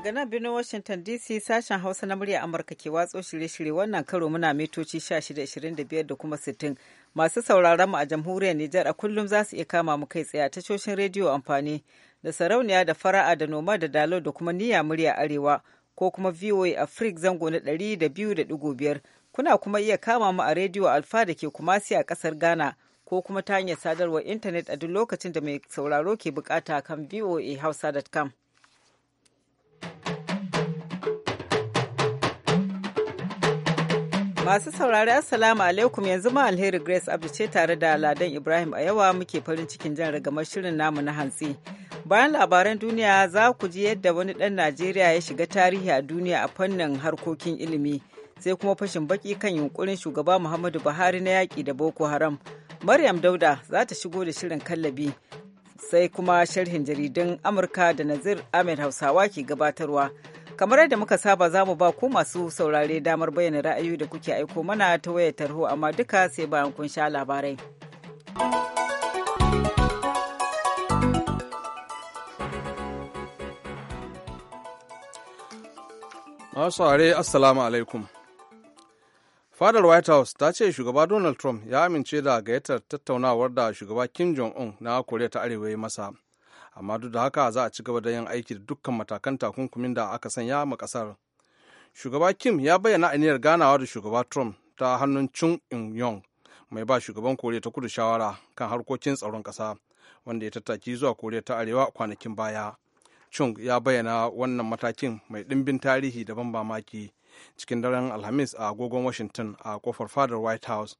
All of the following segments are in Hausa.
Daga nan birnin Washington DC sashen Hausa na murya Amurka ke watso shirye-shirye wannan karo muna mitoci 1625 da kuma 60. Masu sauraron mu a jamhuriyar Nijar a kullum za su iya kama mu kai tsaye a tashoshin rediyo amfani da sarauniya da fara'a da noma da dalo da kuma niyya murya arewa ko kuma VOA Africa zango na 200.5 kuna kuma iya kama mu a rediyo Alfa da ke Kumasi a kasar Ghana ko kuma ta hanyar sadarwar intanet a duk lokacin da mai sauraro ke bukata kan voahausa.com. Masu saurari Assalamu alaikum yanzu ma alheri Grace Abdu ce tare da Ladan Ibrahim a yawa muke farin cikin jan ragamar shirin namu na hantsi. Bayan labaran duniya za ku ji yadda wani ɗan Najeriya ya shiga tarihi a duniya a fannin harkokin ilimi. Sai kuma fashin baki kan yunkurin shugaba Muhammadu Buhari na yaƙi da Boko Haram. Maryam Dauda za ta shigo da shirin kallabi. Sai kuma sharhin jaridun Amurka da Nazir Ahmed Hausawa ke gabatarwa. kamar yadda muka saba za mu ba ku masu saurare damar bayyana ra'ayoyi da kuke aiko mana ta wayar tarho amma duka sai bayan kun sha labarai masu assalamu alaikum fadar white house ta ce shugaba donald trump ya amince da gayyatar tattaunawar da shugaba kim jong-un na koriya ta arewa ya masa amma duk da haka za a ci gaba da yin aiki da dukkan matakan takunkumin da aka sanya ma kasar shugaba kim ya bayyana aniyar ganawa da shugaba trump ta hannun chung in yong mai ba shugaban koriya ta kudu shawara kan harkokin tsaron kasa wanda ya tattaki zuwa koriya ta arewa kwanakin baya chung ya bayyana wannan matakin mai ɗimbin tarihi daban mamaki cikin daren alhamis a agogon washington a kofar fadar white house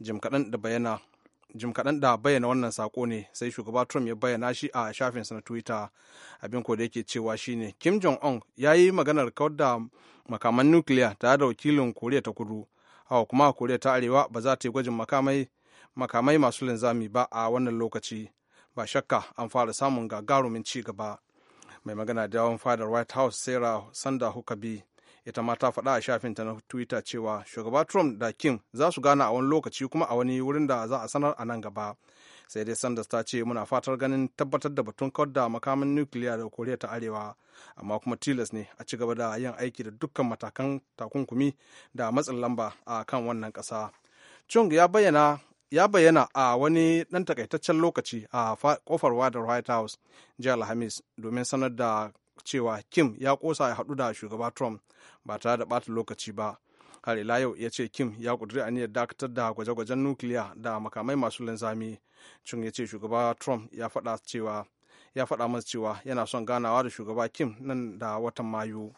jim kaɗan da bayyana jim kaɗan da bayyana wannan sako ne sai shugaba trump ya bayyana shi a shafinsa na twitter abin ko da yake cewa shine kim jong un ya yi maganar kawar da makaman nukiliya tare da wakilin koriya ta kudu hawa kuma koriya ta arewa ba za ta yi gwajin makamai masu linzami ba a wannan lokaci ba shakka an fara samun gagarumin ci gaba mai magana da yawan fadar white house sarah sanda hukabi ita ma ta faɗa a shafinta na twitter cewa shugaba trump da kim za su gana a wani lokaci kuma a wani wurin da za a sanar a nan gaba sai dai sanders ta ce muna fatar ganin tabbatar da batun kawar da makamin nukiliya da koriya ta arewa amma kuma tilas ne a ci gaba da yin aiki da dukkan matakan takunkumi da matsin lamba a kan wannan ƙasa chung ya bayyana ya bayyana a wani ɗan takaitaccen lokaci a kofar wadar white house jiya alhamis domin sanar da cewa kim ya kosa ya haɗu da shugaba trump ba tare da ɓata lokaci ba har ila yau ya ce kim ya ƙudiri aniyar dakatar da gwaje-gwajen nukiliya da makamai masu linzami chung ya ce shugaba trump ya faɗa cewa ya faɗa masa cewa yana son ganawa da shugaba kim nan da watan mayu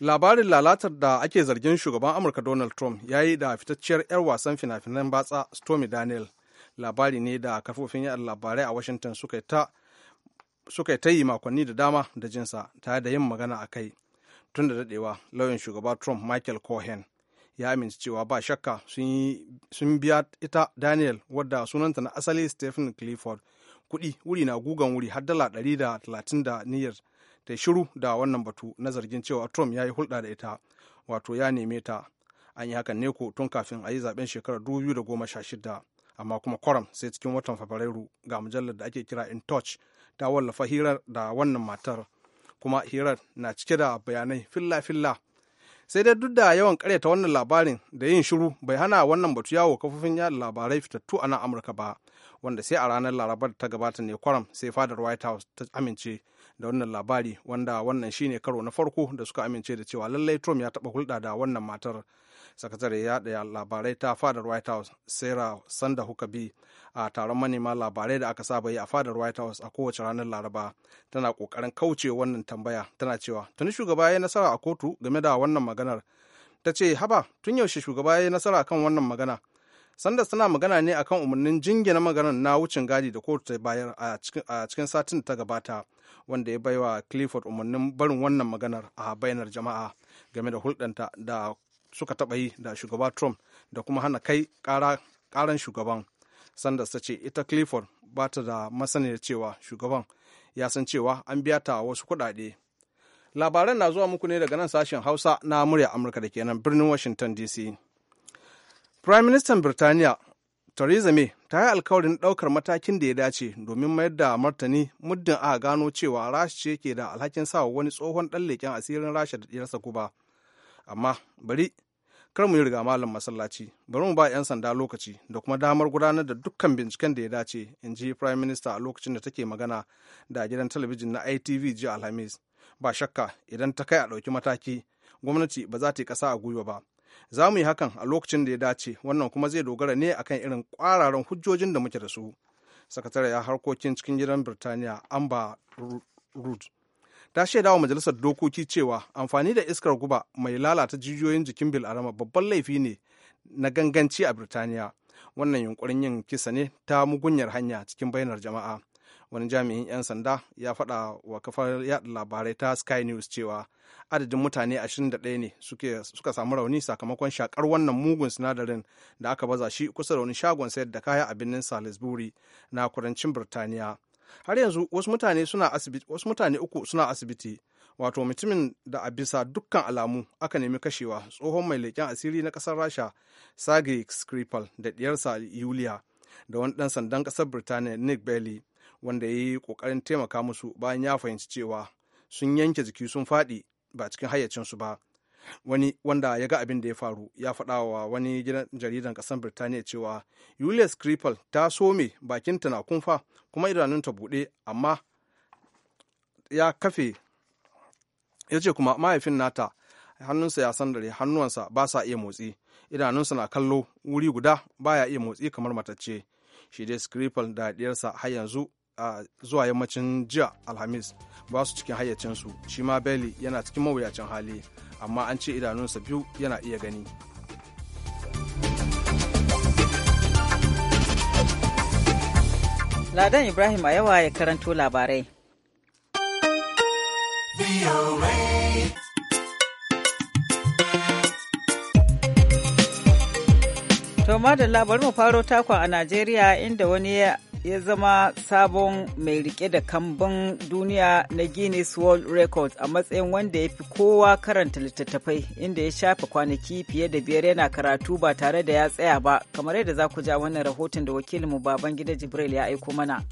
labarin lalatar da ake zargin shugaban amurka donald trump ya yi da fitacciyar 'yar wasan fina-finan batsa stormy daniel labari ne da kafofin yada labarai a washington suka yi ta suka ta yi makonni da dama da jinsa tare da yin magana a kai tun da dadewa lauyan shugaba trump michael cohen ya amince cewa ba shakka sun biya ita daniel wadda sunanta na asali stephen clifford kuɗi wuri na gugan wuri har dala ɗari da talatin da niyyar ta shiru da wannan batu na zargin cewa trump ya yi hulɗa da ita wato ya neme ta an yi hakan ne ko tun kafin a yi zaben shekarar 2016 amma kuma kwaram sai cikin watan fabrairu ga mujallar da ake kira in touch ta wallafa hirar da wannan matar kuma hirar na cike da bayanai filla-filla sai dai duk da yawan karyata wannan labarin da yin shiru bai hana wannan batu yawo kafofin yada labarai fitattu a nan amurka ba wanda sai a ranar larabar ta gabata ne kwaram sai fadar white house ta amince da wannan labari wanda wannan shine karo na farko da suka amince da cewa lallai Trump ya taɓa hulɗa da wannan matar. Sakatare yaɗa labarai ta fadar White House Sarah Sanda hukabi a taron manema labarai da aka saba yi a fadar White House a kowace ranar Laraba tana kokarin kauce wannan tambaya tana cewa tuni shugaba ya nasara a kotu game da wannan maganar. Ta ce haba tun yaushe shugaba ya nasara kan wannan magana sanda suna magana ne akan umarnin jingina maganar na wucin gadi da kotu ta bayar a cikin satin da ta gabata wanda ya baiwa clifford umarnin barin wannan maganar a bayanar jama'a game da hulɗanta da suka taɓa yi da shugaba trump da kuma hana kai ƙaran shugaban sanders ta ce ita clifford ba ta da masaniyar cewa shugaban ya san cewa an biya ta wasu kuɗaɗe labaran na zuwa muku ne daga nan sashen hausa na murya amurka da kenan birnin washington dc Prime Minister Birtaniya Theresa May ta yi alkawarin ɗaukar matakin da ya dace domin mayar da martani muddin aka gano cewa Rasha ce ke da alhakin sa wani tsohon ɗan leƙen asirin Rasha da ɗiyarsa guba. Amma bari kar mu yi riga malam masallaci bari mu ba 'yan sanda lokaci da kuma damar gudanar da dukkan binciken da ya dace in ji prime minister a lokacin da take magana da gidan talabijin na itv jiya alhamis ba shakka idan ta kai a ɗauki mataki gwamnati ba za ta yi ƙasa a gwiwa ba za mu yi hakan a lokacin da ya dace wannan kuma zai dogara ne akan irin kwararan hujjojin da muke da su ya harkokin cikin gidan birtaniya amber rood ta shaidawa majalisar dokoki cewa amfani da iskar guba mai lalata jijiyoyin jikin bilarama babban laifi ne na ganganci a birtaniya wannan yunkurin yin kisa ne ta mugunyar hanya cikin bayanar jama'a wani jami'in 'yan sanda ya faɗa wa kafar yada labarai ta sky news cewa adadin mutane 21 ne suka samu rauni sakamakon shakar wannan mugun sinadarin da aka baza shi kusa da wani shagon sayar da kaya a birnin salisbury na kudancin birtaniya har yanzu wasu mutane suna uku suna asibiti wato mutumin da a bisa dukkan alamu aka nemi kashewa tsohon mai leƙen asiri na ƙasar rasha sergei skripal da ɗiyarsa yulia da wani ɗan sandan ƙasar birtaniya nick bailey wanda ya yi kokarin taimaka musu bayan ya fahimci cewa sun yanke jiki sun faɗi ba cikin hayyacinsu ba wani wanda ya ga abin da ya faru ya faɗa wa wani gidan jaridan ƙasar birtaniya cewa yulia skripal ta some bakinta na kumfa kuma idanunta buɗe amma ya kafe ya ce kuma mahaifin nata hannunsa ya sandare hannuwansa ba sa iya motsi idanunsa na kallo wuri guda baya iya motsi kamar matacce shi dai skripal da ɗiyarsa har yanzu a zuwa yammacin jiya alhamis ba su cikin hayyacinsu shi ma beli, yana cikin mawuyacin hali amma an ce idanunsa biyu yana iya gani ladan ibrahim a yawa ya karanto labarai To da labarin mu faro takon a Najeriya inda wani ya ya zama sabon mai rike da kambun duniya na guinness world records a matsayin wanda ya fi kowa karanta littattafai inda ya shafe kwanaki fiye da biyar yana karatu ba tare da ya tsaya ba kamar yadda za ku ja wannan rahoton da wakilinmu baban gida jibril ya aiko mana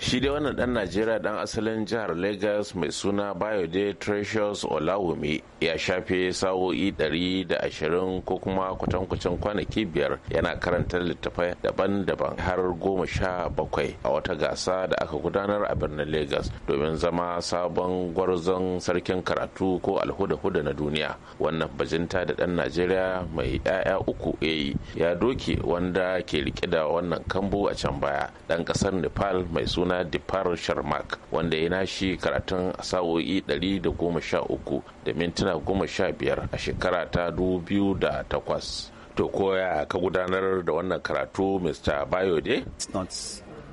shi dai wannan dan najeriya dan asalin jihar lagos mai suna bayode treasures olawumi ya shafe sa'o'i 120 ko kuma kwatankwacin kwanaki biyar yana karanta littattafai daban-daban har goma sha bakwai a wata gasa da aka gudanar a birnin lagos domin zama sabon gwarzon sarkin karatu ko alhuda-huda na duniya wannan bajinta da dan najeriya mai 'ya'ya uku ya doke wanda ke rike da wannan kambu a can baya dan kasar nepal mai suna suna dipar sharmak wanda ya nashi karatun sa'o'i 113 da mintuna 15 a shekara ta 2008 to koya ka gudanar da wannan karatu mr bayode it's not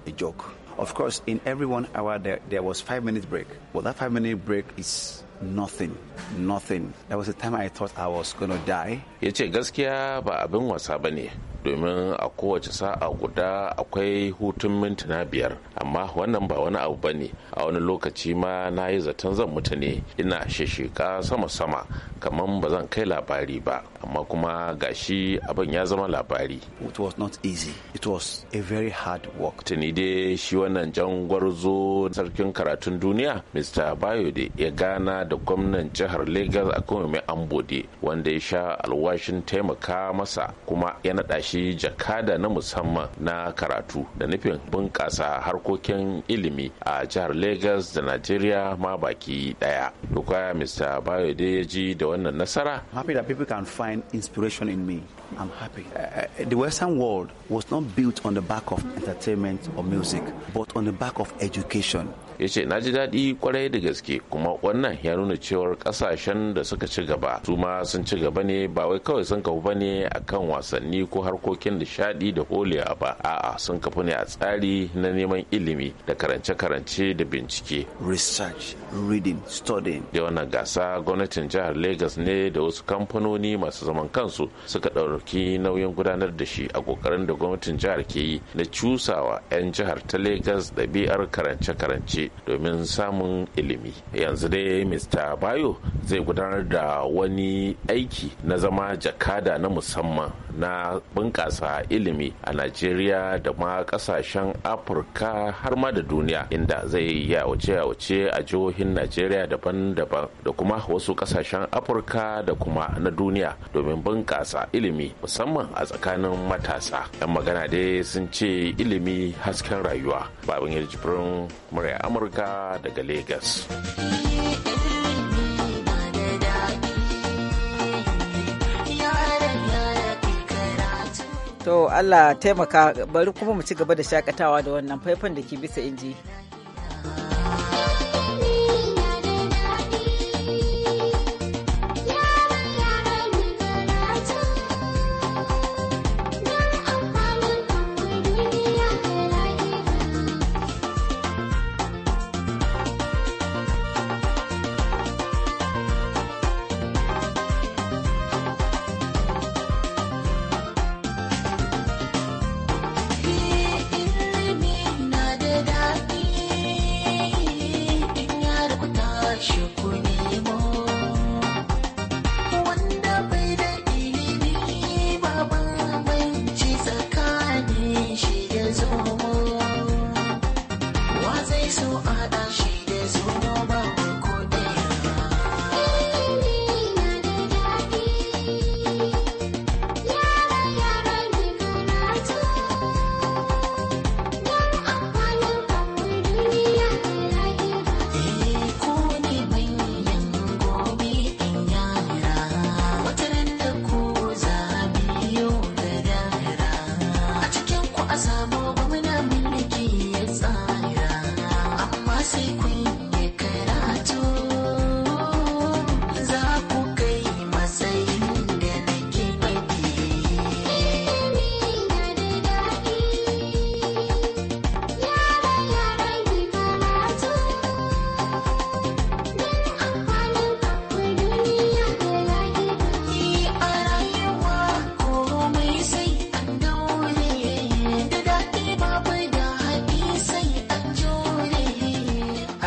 a joke of course in every one hour there, there was five minute break But that five minute break is nothing nothing that was the time i thought i was gonna die ya ce gaskiya ba abin wasa ba ne domin a kowace sa'a guda akwai hutun mintuna biyar amma wannan ba wani abu ba ne a wani lokaci ma na yi zaton zan mutu ne ina shishika sama-sama kamar ba zan kai labari ba amma kuma gashi abin ya zama labari it was not easy it was a very hard work tuni dai shi wannan jan gwarzo sarkin karatun duniya mr bayo bayode ya gana da gwamnan jihar lagos a kuma mai ambode wanda ya sha alwashin taimaka masa kuma ya naɗa shi jakada na musamman na karatu da nufin bunƙasa harkokin ilimi a jihar Lagos da Najeriya ma baki daya. Doka Mr. Bayode ya ji da wannan nasara. Happy that people can find inspiration in me. I'm happy. Uh, uh, the Western world was not built on the back of entertainment or music, but on the back of education. ya ce na ji daɗi kwarai da gaske kuma wannan ya nuna cewar ƙasashen da suka ci gaba su ma sun ci gaba ne ba wai kawai sun kafu ne a kan wasanni ko harkokin nishaɗi da holiya ba a'a sun kafu ne a tsari na neman ilimi da karance-karance da bincike research reading studying da wannan gasa gwamnatin jihar lagos ne da wasu kamfanoni masu zaman kansu suka ɗaura ɗauki nauyin gudanar da shi a kokarin da gwamnatin jihar ke yi na cusawa 'yan jihar ta Legas ɗabi'ar karance-karance domin samun ilimi. Yanzu dai Mr. Bayo zai gudanar da wani aiki na zama jakada na musamman na bunƙasa ilimi a najeriya da ma ƙasashen afirka har ma da duniya inda zai ya wuce a jihohin najeriya daban-daban da kuma wasu ƙasashen afirka da kuma na duniya domin bunƙasa ilimi musamman a tsakanin matasa yan magana dai sun ce ilimi hasken rayuwa babin yajibirin murya amurka daga lagos. To Allah taimaka bari kuma mu ci gaba da shakatawa da wannan faifan da ke bisa inji. She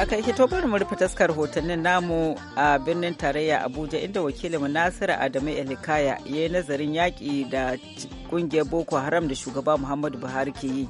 aka yi to mu rufe taskar hotunan namu a birnin tarayya abuja inda wakilin nasiru adamu elikaya ya yi nazarin yaƙi da ƙungiyar boko haram da shugaba muhammadu buhari ke yi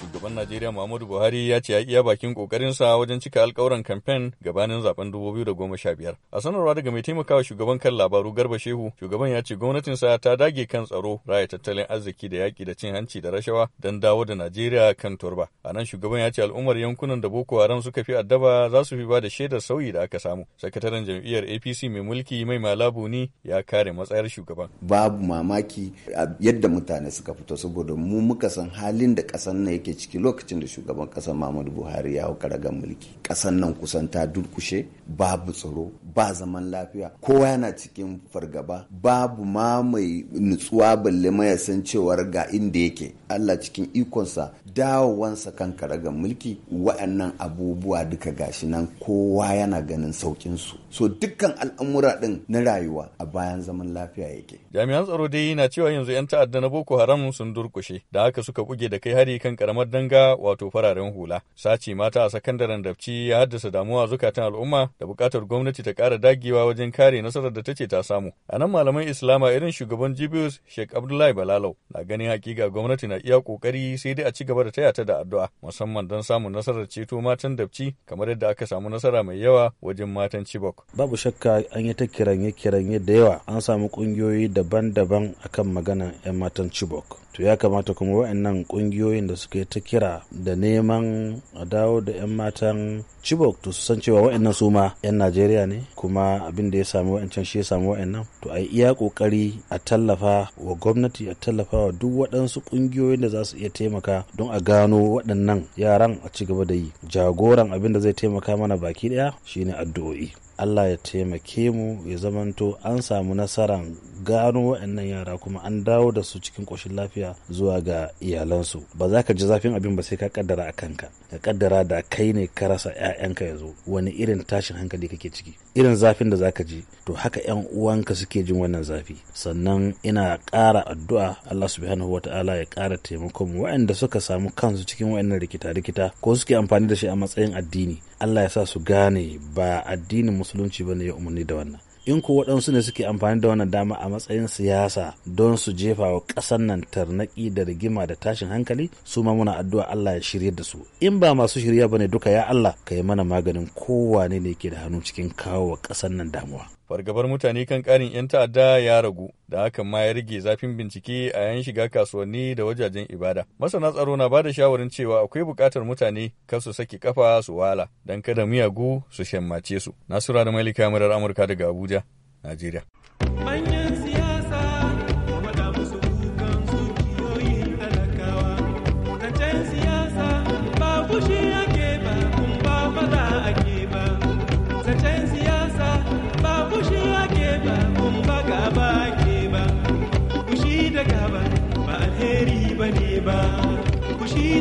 Shugaban Najeriya Muhammadu Buhari ya ce ya iya bakin kokarinsa wajen cika alkawuran kamfen gabanin zaben 2015. A sanarwa daga mai taimakawa shugaban kan labaru Garba Shehu, shugaban ya ce gwamnatinsa ta dage kan tsaro, raya tattalin arziki da yaki da cin hanci da rashawa don dawo da Najeriya kan turba. A nan shugaban ya ce al'ummar yankunan da Boko Haram suka fi addaba za su fi ba da shaidar sauyi da aka samu. Sakataren jam'iyyar APC mai mulki Mai Malabu ni ya kare matsayar shugaban. Babu mamaki yadda mutane suka fito saboda mu muka san halin da ƙasar na ake ciki lokacin da shugaban ƙasan Muhammadu Buhari ya hau karagan mulki. Ƙasan nan kusan ta durkushe babu tsaro ba zaman lafiya kowa yana cikin fargaba babu ma mai nutsuwa balle ma san cewar ga inda yake Allah cikin ikonsa dawowansa kan karagan mulki wa'annan abubuwa duka gashi nan kowa yana ganin saukin su so dukkan al'amura din na rayuwa a bayan zaman lafiya yake jami'an tsaro dai na cewa yanzu yan ta'adda na boko haram sun durkushe da haka suka buge da kai hari kan karamar kamar danga wato fararen hula. Sace mata a sakandaren dabci ya haddasa damuwa zukatan al'umma da bukatar gwamnati ta kara dagewa wajen kare nasarar da ta ce ta samu. A nan malaman Islama irin shugaban Jibius Sheikh Abdullahi Balalau na ganin hakika gwamnati na iya kokari sai dai a ci gaba da taya ta da addu'a musamman don samun nasarar ceto matan dabci kamar yadda aka samu nasara mai yawa wajen matan Chibok. Babu shakka an yi ta kiranye kiranye da yawa an samu ƙungiyoyi daban-daban akan maganar 'yan matan Chibok. to ya kamata kuma wa'annan kungiyoyin da suka yi ta kira da neman a dawo da 'yan matan chibok to su san cewa wa'annan su ma 'yan najeriya ne kuma abin da ya sami wa'ancan shi ya sami wa'annan to a yi iya kokari a tallafa wa gwamnati a tallafa wa duk waɗansu kungiyoyin da za su iya taimaka don a gano waɗannan yaran a ci gaba da yi jagoran abin da zai taimaka mana baki ɗaya shine addu'o'i allah ya taimake mu ya zamanto an samu nasaran gano waɗannan yara kuma an dawo da su cikin ƙoshin lafiya zuwa ga iyalansu ba za ka ji zafin abin ba sai ka kaddara a kanka ka kaddara da kai ne ka rasa 'ya'yanka ya zo wani irin tashin hankali kake ciki irin zafin da za ka ji to haka 'yan uwanka suke jin wannan zafi sannan ina ƙara addu'a Allah subhanahu wa ta'ala ya ƙara taimakon waɗanda suka samu kansu cikin waɗannan rikita-rikita ko suke amfani da shi a matsayin addini Allah ya sa su gane ba addinin musulunci bane ya umarni da wannan in ko waɗansu ne suke amfani da wannan dama a matsayin siyasa don su jefa wa ƙasar nan tarnaƙi da rigima da tashin hankali su ma muna addu'a Allah ya shirye da su in ba masu shirya ba ne duka ya Allah ka yi mana maganin kowane ne ke da hannu cikin kawo wa ƙasar nan damuwa fargabar mutane kan karin 'yan ta'adda ya ragu da hakan ma ya rage zafin bincike a yan shiga kasuwanni da wajajen ibada masana tsaro na ba da shawarin cewa akwai bukatar mutane kan su saki kafa su wala don kada miyagu su shammace su nasura da malika murar amurka daga abuja najeriya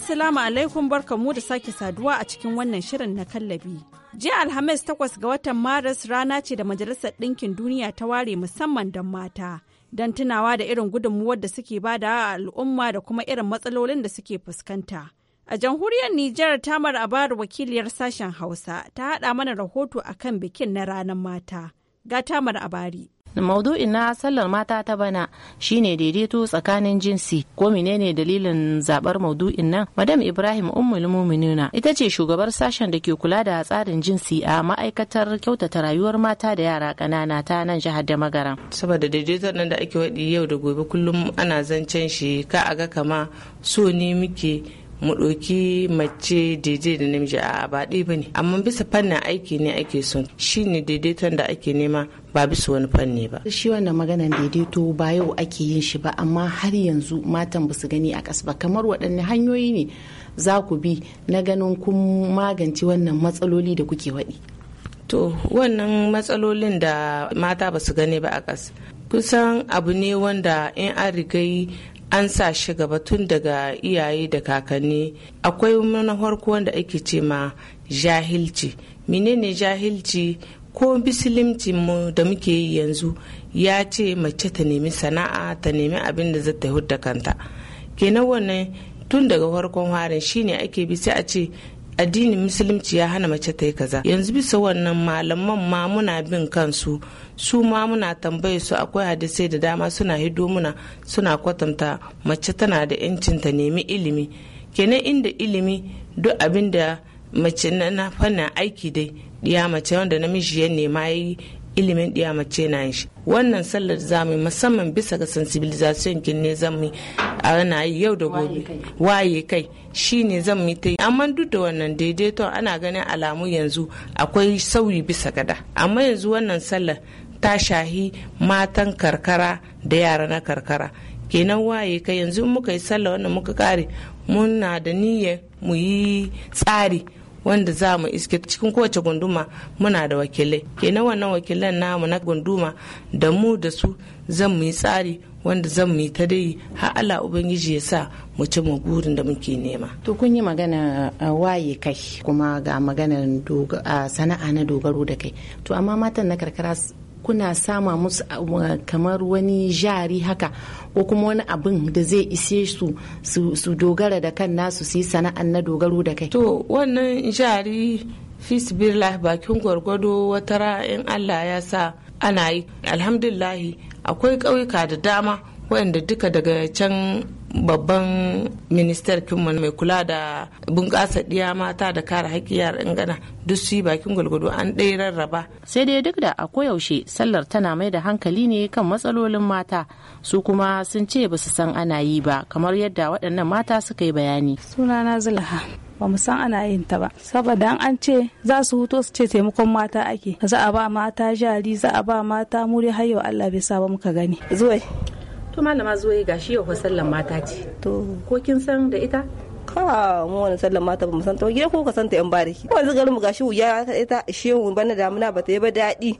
Assalamu alaikum mu da sake saduwa a cikin wannan shirin na kallabi. Jiya Alhamis takwas ga watan Maris rana ce da Majalisar Ɗinkin Duniya ta ware musamman don mata. Don tunawa da irin gudunmuwar da suke bada a al'umma da kuma irin matsalolin da suke fuskanta. A jamhuriyar Nijar Tamar Abaru wakiliyar sashen Hausa ta haɗa mana rahoto akan bikin na ranar mata. Ga Tamar Abari. maudu'in na sallar mata ta bana shine daidaito tsakanin jinsi ko menene dalilin zabar maudu'in nan madam ibrahim ummul muminuna ita ce shugabar sashen da ke kula da tsarin jinsi a ma'aikatar kyautata rayuwar mata da yara kanana ta nan jihar da magaram saboda daidaiton nan da ake waɗi yau da gobe kullum ana zancen shi ka aga kama so ne muke mu ɗauki mace daidai da namiji a ba ɗaya ba ne amma bisa fannin aiki ne ake son shi ne daidaiton da ake nema ba bisa wani fanni ba. Shi wannan maganan daidaito ba yau ake yin shi ba amma har yanzu matan ba su gani a ƙasa ba kamar waɗanne hanyoyi ne za ku bi na ganin kun magance wannan matsaloli da kuke waɗi. To wannan matsalolin da mata ba su gani ba a ƙasa. Kusan abu ne wanda in an rigai an sa shi gaba tun daga iyaye da kakanni akwai manahar da wanda ake ce ma jahilci menene jahilci ko bisilimcin mu da muke yi yanzu ya ce mace ta nemi sana'a ta nemi abin da zata hudda kanta kenan wannan tun daga farkon harin shine ake bi sai a ce addinin musulunci ya hana mace ta yi kaza yanzu bisa wannan malaman ma muna bin kansu su ma muna tambaye su akwai hadisai da dama suna hido muna suna kwatanta mace tana da yancin ta nemi ilimi kenan inda ilimi duk abin da mace na fannin aiki dai ya mace wanda namiji ya nema yi ilimin ɗiya mace na yin shi wannan sallar zamu musamman bisa ga sensibilization kin ne zamu a rana yau da gobe waye kai shine zamu yi ta yi. amma duk da wannan daidaito ana ganin alamu yanzu akwai sauyi bisa gada amma yanzu wannan sallar ta shahi matan karkara da yara na karkara kenan waye kai yanzu muka yi sallar wannan muka kare muna da niyyar mu yi tsari wanda za mu iske cikin kowace gunduma muna da wakilai kenan wannan wakilan namu na gunduma da mu da su zan mu yi tsari wanda zan mu yi ta dai har Allah ubangiji ya sa mu ci mu burin da muke nema to kun yi magana waye kai kuma ga maganar sana'a na dogaro da kai to amma matan na karkara kuna sama musu kamar wani jari haka ko kuma wani abin da zai ise su su dogara da kan nasu su yi sana'an na dogaro da kai to wannan jari fisbirlah bakin gwargwado wata ra'ayin allah ya sa ana yi alhamdulilahi akwai ƙauyuka da dama waɗanda duka daga can babban minister kinmu mai kula da bunƙasa ɗiya mata da kare haƙƙi yaran gana duk su bakin gwalgwado an ɗaya rarraba. sai dai duk da a koyaushe sallar tana mai da hankali ne kan matsalolin mata su kuma sun ce ba su san ana yi ba kamar yadda waɗannan mata suka yi bayani. sunana zulaha ba mu san ana yin ta ba saboda an ce za su huto su ce taimakon mata ake za a ba mata jari za a ba mata muri har yau Allah bai sa ba muka gani zuwai to malama zoye gashi yau sallan mata ce to ko kin san da ita ka mu wani sallan mata ba mu san ta gida ko ka san ta yan bariki yanzu garin mu gashi wuya ita shehu bana damuna ba ta yi ba daɗi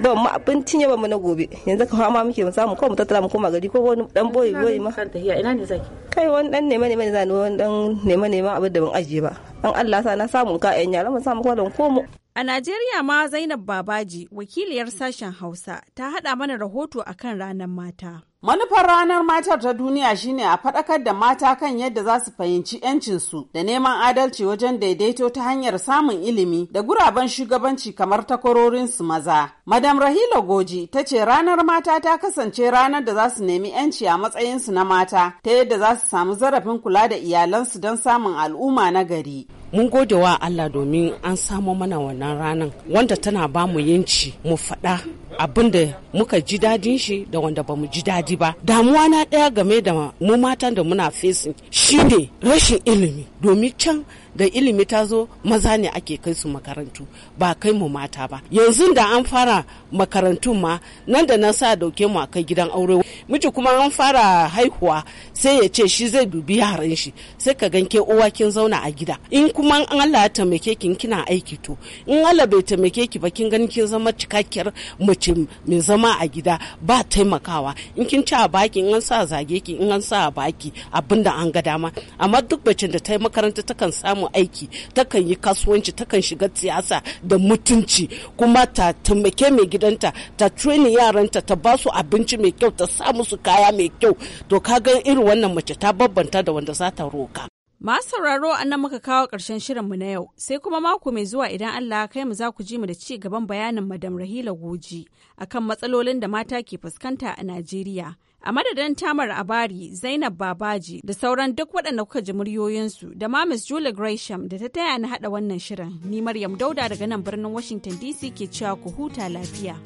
ba mu abincin ba mu na gobe yanzu ka fama muke mu samu ko mu tattara mu koma gari ko wani dan boye boye ma kan hiya ina ne zaki kai wani dan nema nema ne zani wani dan nema nema abin da ban ajiye ba An Allah sa na samu ka yan yara mu samu ko ko komo A Najeriya ma Zainab Babaji wakiliyar sashen Hausa ta haɗa mana rahoto akan ranar mata. Manufar ranar matar ta duniya shine a faɗakar da mata kan yadda za su fahimci 'yancinsu da neman adalci wajen daidaito ta hanyar samun ilimi da guraben shugabanci kamar takwarorinsu maza. Madam Rahila Goji ta ce ranar mata ta kasance ranar da za su nemi 'yanci a matsayinsu na mata ta yadda za su samu zarafin kula da iyalansu don samun al'umma na gari. mun gode wa Allah domin an samo mana wannan ranar wanda tana ba mu yanci mu faɗa abin da muka ji dadin shi da wanda ba mu ji dadi ba damuwa na ɗaya game da mu matan da muna facing shine rashin ilimi domin can da ilimi ta zo maza ne ake kai su makarantu ba kai mu mata ba yanzu da an fara makarantu ma nan da nan sa dauke mu a kai gidan aure miji kuma an fara haihuwa sai ya ce shi zai dubi yaran shi sai ka ganke uwa kin zauna a gida in kuma an Allah ya taimake kin kina aiki to in Allah bai taimake ki ba kin gani kin zama cikakkiyar mace mai zama a gida ba taimakawa in kin ci a baki in an sa zage ki in an sa a baki abinda an ga dama amma duk bacin da ta yi makaranta takan samu aiki takan yi kasuwanci takan shiga siyasa da mutunci kuma ta taimake mai gidanta ta training yaranta ta ba su abinci mai kyau ta sa musu kaya mai kyau to ka ga irin wannan mace ta babbanta da wanda za ta roka. Masu sauraro a nan muka kawo ƙarshen mu na yau, sai kuma mako mai zuwa idan Allah kai mu za ku ji mu da ci gaban bayanin Madam Rahila Goji akan matsalolin da mata ke fuskanta a Najeriya. A madadin Tamar Abari, Zainab Babaji da sauran duk waɗanda kuka ji muryoyinsu da ma Miss Julie Gresham da ta taya ni haɗa wannan shirin. Ni Maryam Dauda daga nan birnin Washington DC ke cewa ku huta lafiya.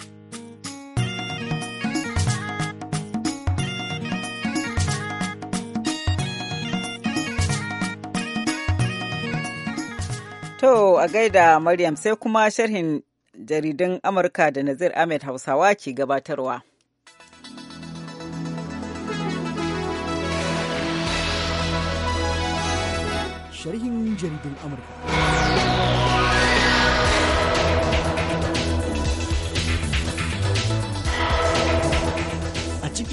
To a gaida Maryam sai kuma sharhin jaridun Amurka da Nazir Ahmed Hausawa ke gabatarwa. Sharhin jaridun Amurka.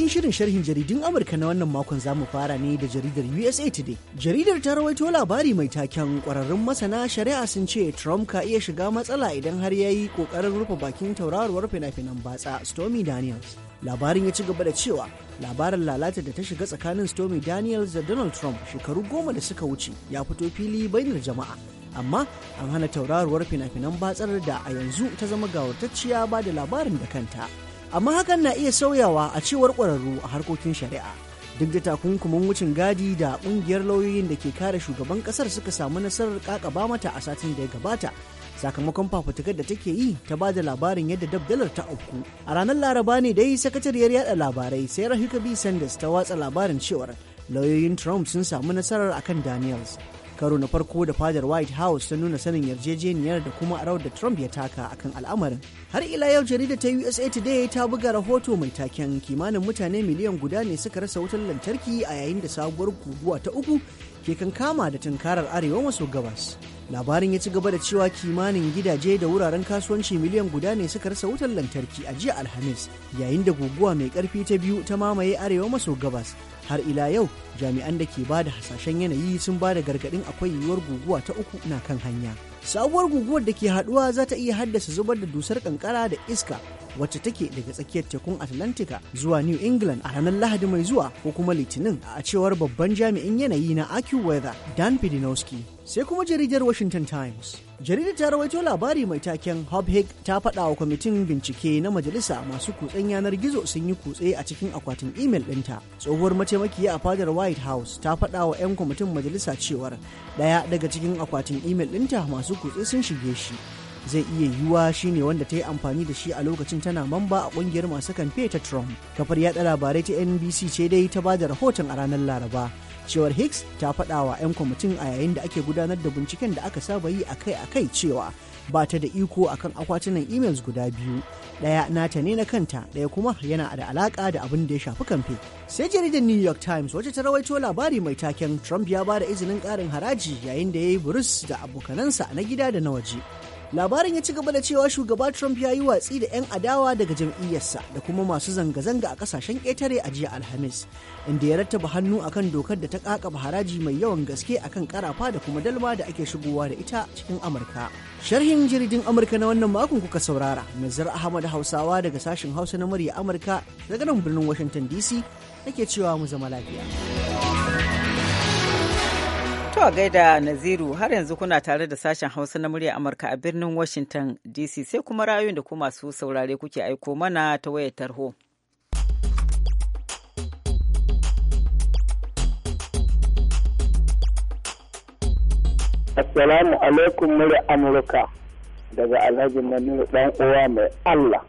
cikin shirin sharhin jaridun Amurka na wannan makon za mu fara ne da jaridar USA Today. Jaridar ta rawaito labari mai taken kwararrun masana shari'a sun ce Trump ka iya shiga matsala idan har ya yi kokarin rufe bakin tauraruwar fina-finan batsa Stormy Daniels. labarin ya ci gaba da cewa labarin lalata da ta shiga tsakanin stormy daniels da donald trump shekaru goma da suka wuce ya fito fili bainar jama'a amma an hana tauraruwar fina-finan batsar da a yanzu ta zama gawartacciya ba da labarin da kanta amma hakan na iya sauyawa a cewar ƙwararru a harkokin shari'a duk da takunkumin wucin gadi da ƙungiyar lauyoyin da ke kare shugaban ƙasar suka samu nasarar ƙaƙaba mata a satin da ya gabata sakamakon fafutukar da take yi ta ba da labarin yadda dabdalar ta auku a ranar laraba ne dai sakatariyar yada labarai rahika huckabee sanders ta watsa labarin cewar lauyoyin trump sun samu nasarar akan daniels karo na farko da fadar white house ta nuna sanin yarjejeniyar da kuma rawar da trump ya taka akan al'amarin har ila yau jaridar ta usa today ta buga rahoto mai taken kimanin mutane miliyan guda ne suka rasa wutar lantarki a yayin da sabuwar guguwa ta uku ke kankama da tunkarar arewa maso gabas labarin ya ci gaba da cewa kimanin gidaje da wuraren kasuwanci miliyan guda ne suka rasa wutar lantarki a jiya alhamis yayin da guguwa mai karfi ta biyu ta mamaye arewa maso gabas har ila yau jami'an da ke ba da hasashen yanayi sun ba da gargaɗin akwai yiwuwar guguwa ta uku na kan hanya sabuwar guguwar da ke haduwa za ta iya haddasa zubar da dusar kankara da iska wacce take daga tsakiyar tekun atlantika zuwa new england a ranar lahadi mai zuwa ko kuma litinin a cewar babban jami'in yanayi na accuweather dan pidinowski sai kuma jaridar washington times jaridar ta rawaito labari mai taken hobhig ta faɗa wa kwamitin bincike na majalisa masu kutsen yanar gizo sun yi kutse a cikin akwatin imel ɗinta tsohuwar mataimakiya a fadar white house ta faɗa wa 'yan kwamitin majalisa cewar ɗaya daga cikin akwatin imel ɗinta masu 骨髓先是约时，zai iya yiwuwa shine wanda ta yi amfani da shi a lokacin tana mamba a kungiyar masu kamfe ta Trump. Kafar yada labarai ta NBC ce dai ta ba da rahoton a ranar Laraba. Cewar Hicks ta faɗa wa 'yan kwamitin a yayin da ake gudanar da binciken da aka saba yi akai-akai cewa ba ta da iko akan akwatunan emails guda biyu. Ɗaya nata ne na kanta, ɗaya kuma yana da alaƙa da abin da ya shafi kamfe. Sai jaridar New York Times wacce ta rawaito labari mai taken Trump ya ba da izinin ƙarin haraji yayin da ya yi burus da abokanansa na gida da na waje. labarin ya ci gaba da cewa shugaba trump ya yi watsi da 'yan adawa daga jam'iyyarsa da kuma masu zanga-zanga a kasashen ƙetare a jiya alhamis inda ya rattaba hannu akan dokar da ta kakaba haraji mai yawan gaske a kan ƙarafa da kuma dalma da ake shigowa da ita cikin amurka sharhin jirgin amurka na wannan makon kuka saurara nazar ahmad hausawa daga sashen hausa na murya amurka daga nan birnin washington dc nake cewa mu zama lafiya. a gaida Naziru har yanzu kuna tare da sashen Hausa na murya Amurka a birnin Washington DC sai kuma rayuwar da ku masu saurare kuke aiko mana ta wayar tarho. Assalamu alaikum murya Amurka daga Alhaji Manu dan uwa mai Allah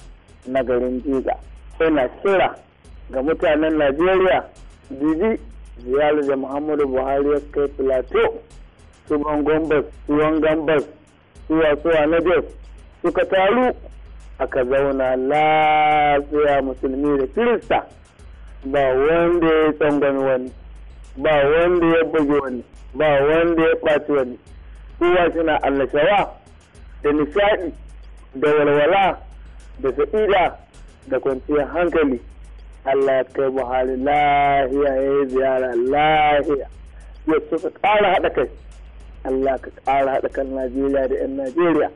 na garin Jiga. Ina kira ga mutanen Najeriya jiji ziyarar da muhammadu buhari ya kai filato su gombas su gambas su wasuwa na jos suka taru aka zauna lafiya musulmi da kirista ba wanda ya tsangwami wani ba wanda ya buge wani ba wanda ya ɓaci wani kowa suna allashawa da nishadi da walwala da sa'ida da kwanciyar hankali Allah ya kai Buhari lahiya ya yi ziyara lahiya ya so ka ƙara haɗa kai Allah ka ƙara haɗa kan Najeriya da 'yan Najeriya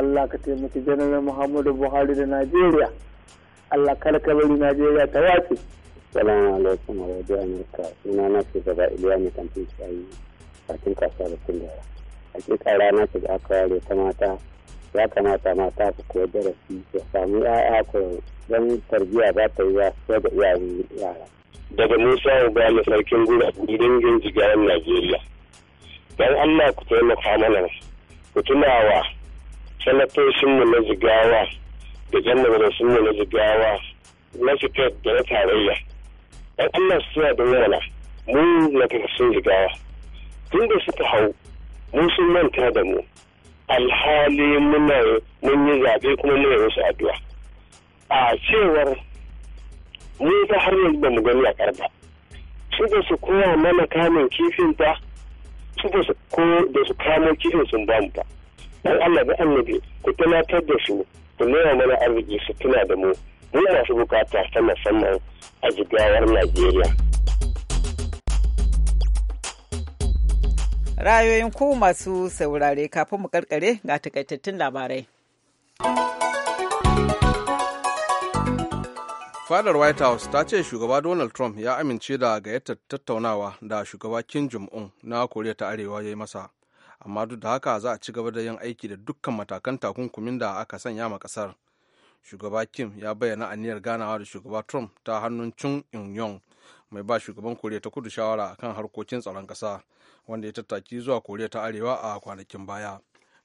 Allah ka taimaki janarar Muhammadu Buhari da Najeriya Allah ka bari Najeriya ta wace. Salamu alaikum wa radio Amurka suna na ce gaba Iliya mai kamfin shayi bakin kasuwa da kullum. Hakika rana ce da aka ware ta mata ya kamata mata su koyi darasi su samu ya'ya ko don tarbiyya za ta yi wa da iyayen yara. Daga Musa Ubala Sarkin Gura dangin jigayen Najeriya. Don Allah ku taimaka mana ku tunawa sanatoshinmu na jigawa da jannabarosinmu na jigawa na fitar da na tarayya. Don Allah su da mana mu na jigawa. Tun da suka hau mun sun manta da mu. alhali muna mun yi zaɓe kuma muna wasu addu'a a cewar mu ta har yanzu ba mu gani a karba su da su koya mana kamun kifin ta su da su ko da su kamo kifin sun ba mu ba dan Allah da annabi ku tunatar da su ku nuna mana arziki su tuna da mu mu masu bukata sama sannan a jigawar Najeriya. Rayoyin ku masu saurare kafin mu karkare ga takaitattun labarai. Fadar White House ta ce shugaba Donald Trump ya amince da gayyatar tattaunawa da shugaba Kim Jong-un na Koriya ta Arewa ya yi masa. Amma duk da haka za a ci gaba da yin aiki da dukkan matakan takunkumin da aka sanya ma kasar. Shugaba Kim ya bayyana aniyar ganawa da shugaba Trump ta hannun Chung yong mai ba shugaban koriya ta kudu shawara a kan harkokin tsaron ƙasa wanda ya tattaki zuwa koriya ta arewa a kwanakin baya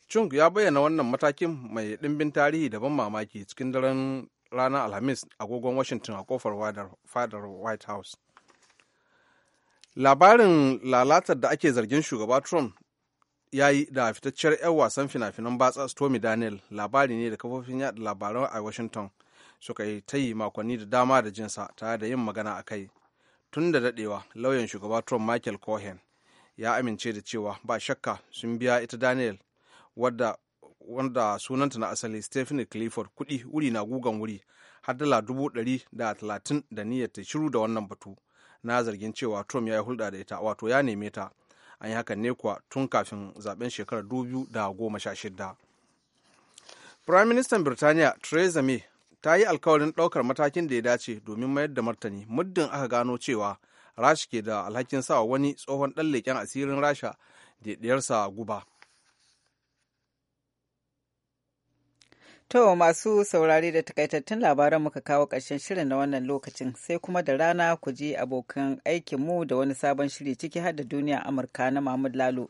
chung ya bayyana wannan matakin mai ɗimbin tarihi da ban mamaki cikin daren ranar alhamis agogon washington a kofar fadar white house labarin lalatar da ake zargin shugaba trump ya yi da fitacciyar 'yan wasan fina-finan batsa stormy daniel labari ne da kafofin yada labaran a washington suka yi ta yi makonni da dama da jinsa tare da yin magana a kai tun da dadewa lauyan shugaba trump michael cohen ya amince da cewa ba shakka sun biya ita daniel wadda wanda sunanta na asali stephanie clifford kuɗi wuri na gugan wuri har dala dubu ɗari da talatin da niyyar ta shiru da wannan batu na zargin cewa trump ya yi hulɗa da ita wato ya neme ta an yi hakan ne kuwa tun kafin zaben shekarar dubu da goma sha shida prime minister birtaniya theresa may ta yi alkawarin ɗaukar matakin da ya dace domin mayar da martani muddin aka gano cewa rasha ke da alhakin sawa wani tsohon ɗan leƙen asirin rasha da ɗiyarsa guba To masu saurare da takaitattun labaran muka kawo ƙarshen shirin na wannan lokacin sai kuma da rana ku ji abokan aikinmu da wani sabon shiri ciki har da duniya Amurka na Mahmud Lalo.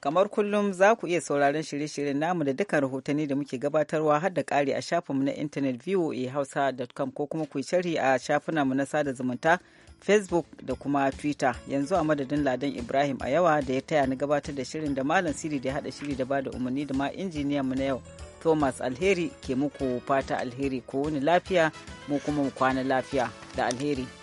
Kamar kullum za ku iya sauraron shirye-shiryen namu da dukkan rahotanni da muke gabatarwa har da ƙari a shafinmu na intanet voahausa.com ko kuma ku yi sharhi a shafinanmu na sada zumunta Facebook da kuma Twitter. Yanzu a madadin Ladan Ibrahim a yawa da ya taya ni gabatar da shirin da Malam Siri da ya haɗa shiri da bada umarni da ma injiniya mu na yau Thomas Alheri ke muku fata alheri ko wani lafiya mu kuma mu kwana lafiya da alheri.